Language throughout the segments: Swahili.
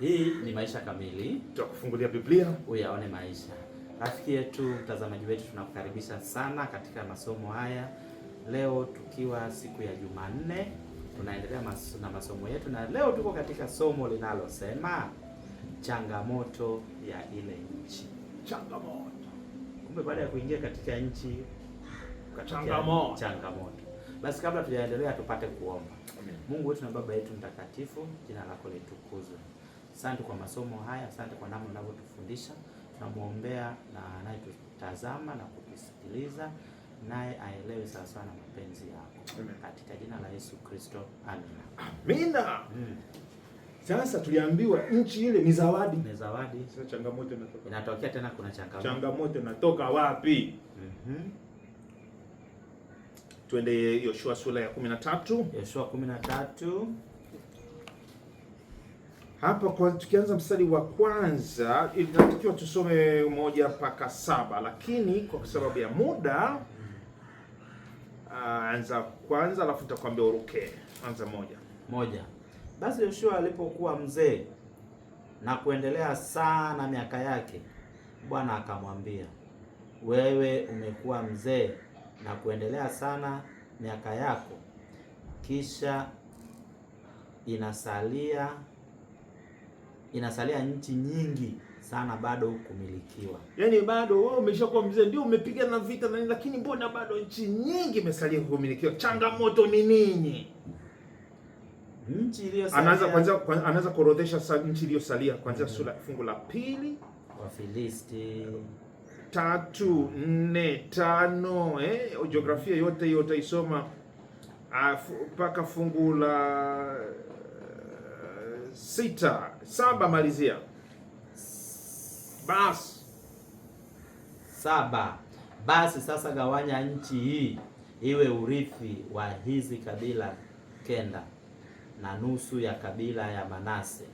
Hii ni Maisha Kamili, tutakufungulia Biblia uyaone maisha. Rafiki yetu, mtazamaji wetu, tunakukaribisha sana katika masomo haya leo, tukiwa siku ya Jumanne tunaendelea mas na masomo yetu, na leo tuko katika somo linalosema changamoto ya ile nchi. Changamoto, kumbe baada ya kuingia katika nchi changamoto, changamoto. Basi kabla tujaendelea, tupate kuomba. Amen. Mungu wetu na Baba yetu mtakatifu, jina lako litukuzwe Asante kwa masomo haya, asante kwa namna unavyotufundisha. Tunamwombea na anayetutazama na kutusikiliza, naye aelewe sawasawa na mapenzi yako, katika jina la Yesu Kristo, amina. Amina. Mm. Sasa tuliambiwa nchi ile ni zawadi, ni zawadi. Sasa changamoto inatoka, inatokea tena, kuna changamoto. Changamoto inatoka wapi? mm Tuende Yoshua sura ya 13, Yoshua 13 hapa kwa tukianza mstari wa kwanza inatakiwa tusome moja mpaka saba, lakini kwa sababu ya muda ah, anza kwanza, alafu nitakwambia uruke. Anza moja moja. Basi Yoshua alipokuwa mzee na kuendelea sana miaka yake, Bwana akamwambia, wewe umekuwa mzee na kuendelea sana miaka yako, kisha inasalia inasalia nchi nyingi sana bado kumilikiwa. Yaani bado wewe umeshakuwa mzee, ndio umepiga na vita na nini, lakini mbona bado nchi nyingi imesalia kumilikiwa? Changamoto ni nini? Nchi iliyosalia anaanza kwanza, anaanza kuorodhesha nchi iliyosalia kuanzia mm -hmm. sura fungu la pili Wafilisti tatu nne tano eh, jiografia yote hiyo utaisoma mpaka fungu la sita, saba, malizia basi saba. Basi sasa gawanya nchi hii iwe urithi wa hizi kabila kenda na nusu ya kabila ya Manase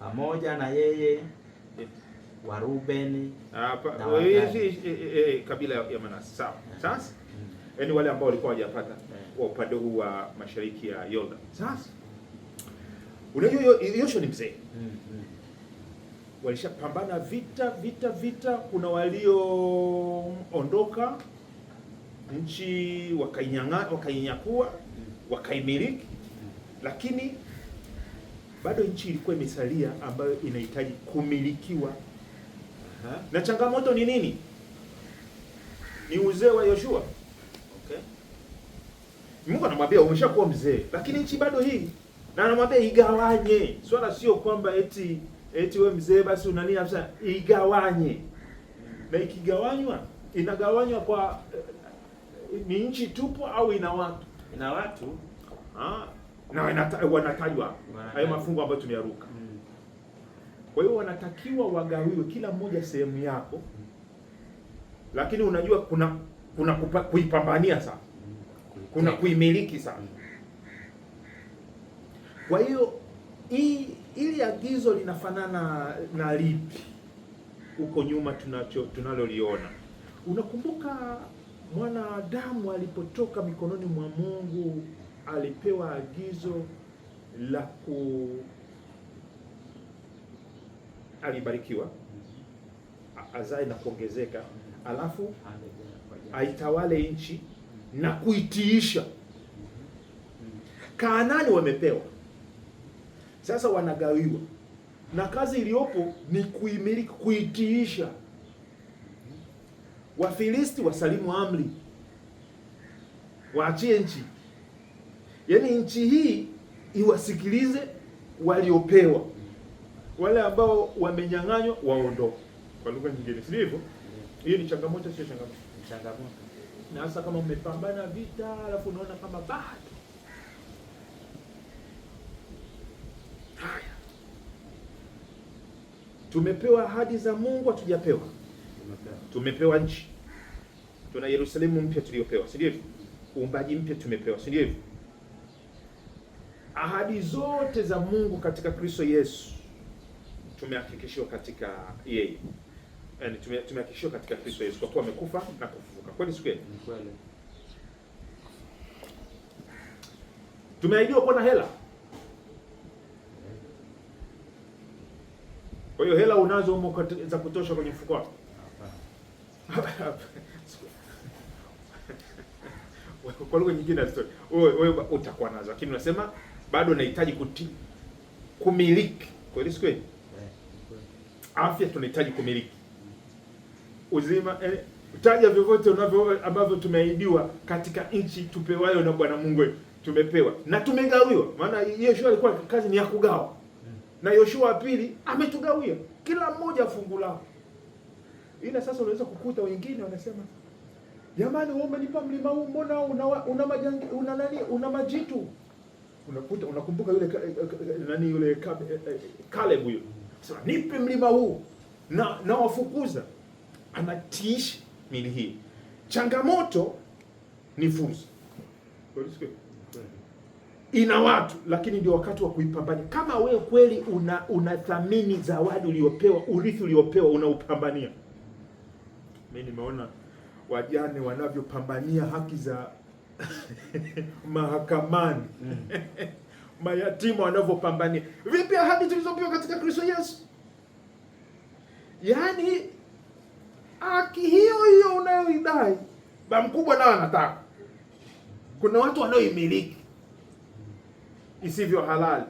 pamoja na yeye wa Rubeni kabila ya Manase. Sawa. Eh. Sasa mm. yaani wale ambao walikuwa hawajapata eh. wa upande huu wa mashariki ya yorda Sasa Unajua Yoshua ni mzee mm -hmm. Walishapambana vita vita vita, kuna walioondoka nchi wakainyakua mm. wakaimiliki, lakini bado nchi ilikuwa imesalia ambayo inahitaji kumilikiwa. Aha. Na changamoto ni nini? Ni uzee wa Yoshua. Okay. Mungu anamwambia umeshakuwa mzee, lakini nchi bado hii na anamwambia igawanye. Swala sio kwamba eti eti we mzee basi unani hasa, igawanye. Na ikigawanywa inagawanywa kwa eh, ni nchi tupo au ina watu? Ina watu Ah, na wanatajwa hayo mafungu ambayo tumeyaruka. Hmm. Kwa hiyo wanatakiwa wagawiwe kila mmoja sehemu yako. Lakini unajua kuna kuna kuipambania sana, hmm. kuna kuimiliki sana hmm. Kwa hiyo hii ili agizo linafanana na lipi huko nyuma tunacho tunaloliona? Unakumbuka mwanadamu alipotoka mikononi mwa Mungu alipewa agizo la ku alibarikiwa azae na kuongezeka, alafu aitawale nchi na kuitiisha. kaanani wamepewa sasa wanagawiwa, na kazi iliyopo ni kuimiliki, kuitiisha. Wafilisti wasalimu amri, waachie nchi, yaani nchi hii iwasikilize waliopewa, wale ambao wamenyang'anywa waondoke. Kwa lugha nyingine, si hivyo? Hiyo ni changamoto, sio changamoto, changamoto. Na hasa kama mmepambana vita, alafu unaona kama bahati Haya, tumepewa ahadi za Mungu, hatujapewa? Tumepewa nchi, tuna Yerusalemu mpya tuliyopewa, si ndio hivyo? Uumbaji mpya tumepewa, si ndio hivyo? Ahadi zote za Mungu katika Kristo Yesu tumehakikishiwa katika yeye, yaani tumehakikishiwa katika Kristo Yesu, kwa kuwa amekufa na kufufuka. Kweli si kweli? Tumeahidiwa kuwa na hela Kwa hiyo hela unazo humo za kutosha kwenye mfuko wako? Kwa lugha nyingine wewe utakuwa nazo, lakini unasema bado unahitaji kumiliki. Kweli si kweli? Afya tunahitaji kumiliki, uzima eh, taja vyovyote unavyo ambavyo tumeahidiwa katika nchi tupewayo na Bwana Mungu tumepewa na tumegawiwa. Maana Yeshua alikuwa kazi ni ya kugawa na Yoshua wa pili ametugawia kila mmoja fungu lao. Ila sasa unaweza kukuta wengine wanasema jamani, wewe umenipa mlima huu, mbona una una majangi, una nani, una majitu. Unakuta unakumbuka yule eh, eh, eh, nani yule Caleb huyo, sasa nipe mlima huu na na wafukuza, anatiishi mili hii. Changamoto ni fursa ina watu, lakini ndio wakati wa kuipambania. Kama wewe kweli una unathamini zawadi uliopewa, urithi uliopewa, unaupambania. Mimi nimeona wajane wanavyopambania haki za mahakamani mm. mayatima wanavyopambania vipi ahadi tulizopewa katika Kristo Yesu, yaani haki hiyo hiyo unayoidai ba mkubwa nao anataka. Kuna watu wanaoimiliki isivyo halali.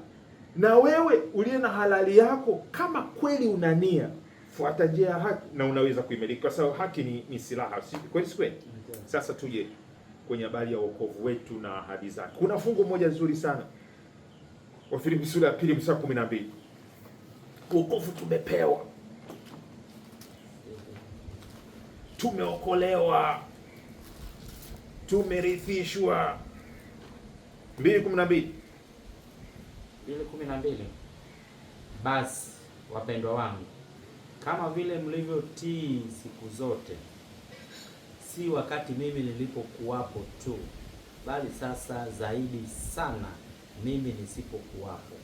Na wewe uliye na halali yako, kama kweli una nia, fuata njia ya haki na unaweza kuimiliki, kwa sababu haki ni, ni silaha, si kweli? Si kweli? Sasa tuje kwenye habari ya wokovu wetu na ahadi zake. Kuna fungu moja nzuri sana Wafilipi sura ya pili mstari kumi na mbili wokovu tumepewa, tumeokolewa, tumerithishwa. mbili kumi na mbili ile kumi na mbili. Basi wapendwa wangu, kama vile mlivyotii siku zote, si wakati mimi nilipokuwapo tu, bali sasa zaidi sana mimi nisipokuwapo,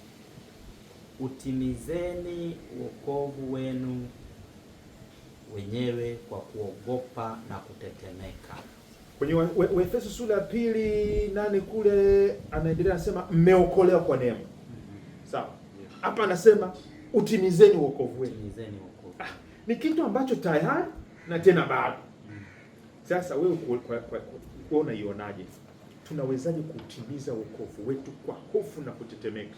utimizeni wokovu wenu wenyewe kwa kuogopa na kutetemeka. Kwenye Waefeso sura ya pili nane kule anaendelea anasema, mmeokolewa kwa neema sawa. Hapa anasema utimizeni wokovu wenu, utimizeni wokovu. Ah, ni kitu ambacho tayari na tena bado. Mm. Sasa wewe unaionaje? Tunawezaje kutimiza wokovu wetu kwa hofu na kutetemeka?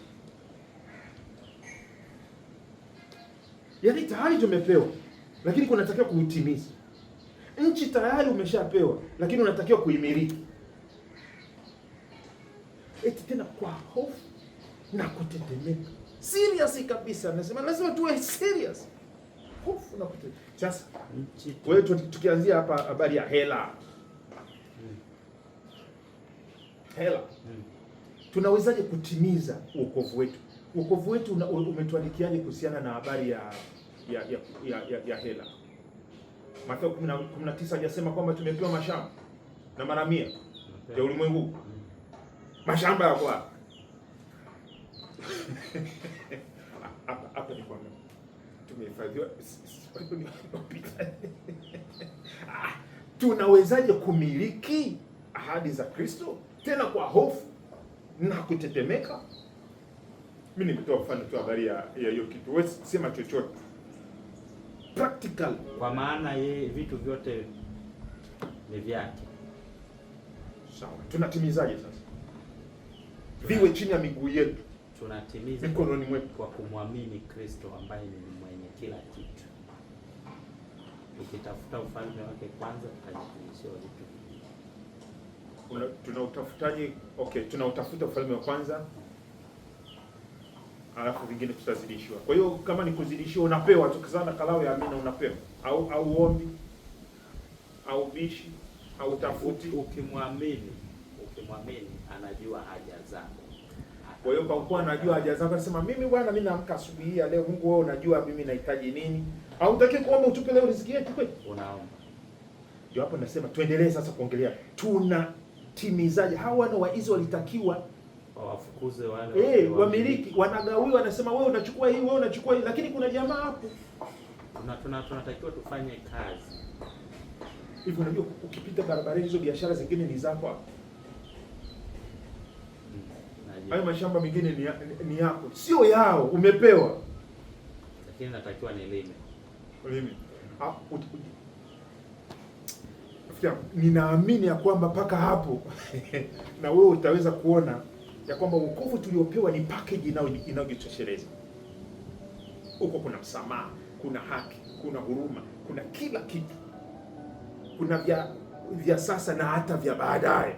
Yaani tayari tumepewa, lakini kunatakiwa kuutimiza. Nchi tayari umeshapewa, lakini unatakiwa kuimiliki, eti tena kwa hofu na kutetemeka. Serious kabisa, anasema lazima tuwe serious. Hofu na kutetemeka. Sasa wewe, tukianzia hapa habari ya hela, hela hmm. tunawezaje kutimiza wokovu wetu? Wokovu wetu umetuandikiaje kuhusiana na habari ya ya, ya, ya, ya hela? Mathayo 19 hajasema kwamba tumepewa mashamba na mara mia ya hmm. ulimwengu, hmm. mashamba ya kwa hapa ni tumehifadhiwa ah, tunawezaje kumiliki ahadi za Kristo tena kwa hofu na kutetemeka? Mi nimetoa mfano tu habari ya hiyo kitu, wewe sema chochote practical, kwa maana yeye vitu vyote ni vyake. Sawa, tunatimizaje sasa viwe chini ya miguu yetu? tunatimiza mkononi mwetu kwa kumwamini Kristo ambaye ni mwenye kila kitu. Ukitafuta ufalme wake kwanza, tutajishughulisha vitu Tunautafutaje? Okay, tunautafuta ufalme wa kwanza, alafu vingine tutazidishiwa. Kwa hiyo kama ni kuzidishiwa, unapewa tukizana kalao ya amina, unapewa au au ombi au bishi au tafuti. Ukimwamini, ukimwamini anajua haja zako kwa hiyo kwa kuwa najua haja zako, anasema mimi bwana, mimi naamka asubuhi ya leo, Mungu wewe unajua mimi nahitaji nini. Hautaki kuomba utupe leo riziki yetu kweli? Unaomba. Ndio hapo nasema tuendelee sasa kuongelea tunatimizaje. Hawa wana wa Israeli walitakiwa wafukuze wale eh, wamiliki wanagawiwa, wanasema wewe unachukua hii, wewe unachukua hii, lakini kuna jamaa hapo tunatakiwa tuna, tuna tufanye kazi hivyo. Unajua ukipita barabarani hizo biashara zingine ni zako hapo hayo mashamba mengine ni, ni, ni yako, sio yao, umepewa. Lakini natakiwa nilime. Ulime. Ha, ah, ut, ut. Ninaamini ya kwamba mpaka hapo na wewe utaweza kuona ya kwamba wokovu tuliopewa ni package inayojitosheleza. Huko kuna msamaha, kuna haki, kuna huruma, kuna kila kitu, kuna vya vya sasa na hata vya baadaye.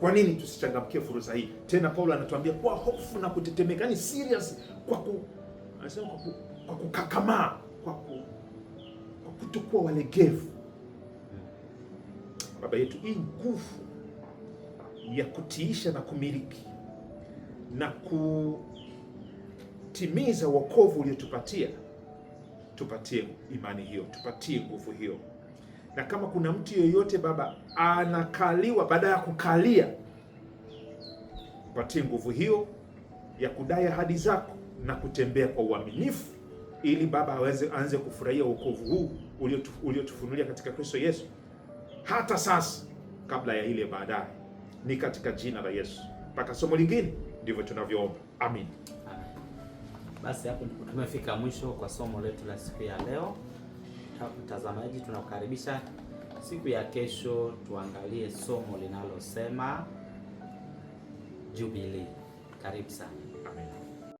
Kwa nini tusichangamkie fursa hii? Tena Paulo anatuambia kwa hofu na kutetemeka, yani serious, kwa ku anasema kwa, kukakamaa, kwa, ku, kwa kutokuwa walegevu. Baba yetu, hii nguvu ya kutiisha na kumiliki na kutimiza wokovu uliotupatia, tupatie imani hiyo, tupatie nguvu hiyo na kama kuna mtu yeyote Baba anakaliwa, baada ya kukalia, patie nguvu hiyo ya kudai ahadi zako na kutembea kwa uaminifu, ili Baba aweze aanze kufurahia wokovu huu uliotufunulia katika Kristo Yesu hata sasa, kabla ya ile baadaye, ni katika jina la Yesu. Mpaka somo lingine, ndivyo tunavyoomba, amin. Basi hapo ndipo tumefika mwisho kwa somo letu la siku ya leo mtazamaji, tunakukaribisha siku ya kesho, tuangalie somo linalosema Jubilee. Karibu sana.